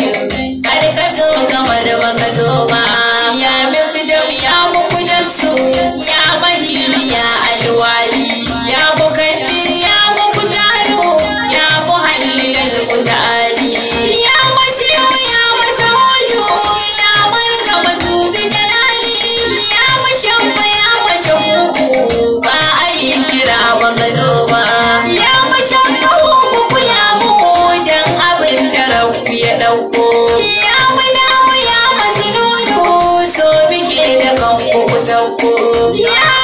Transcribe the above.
Kar ka zo kamar baka zo ba. dauko ya mu dawo ya masu nuno so muke da kanku ku sauko ya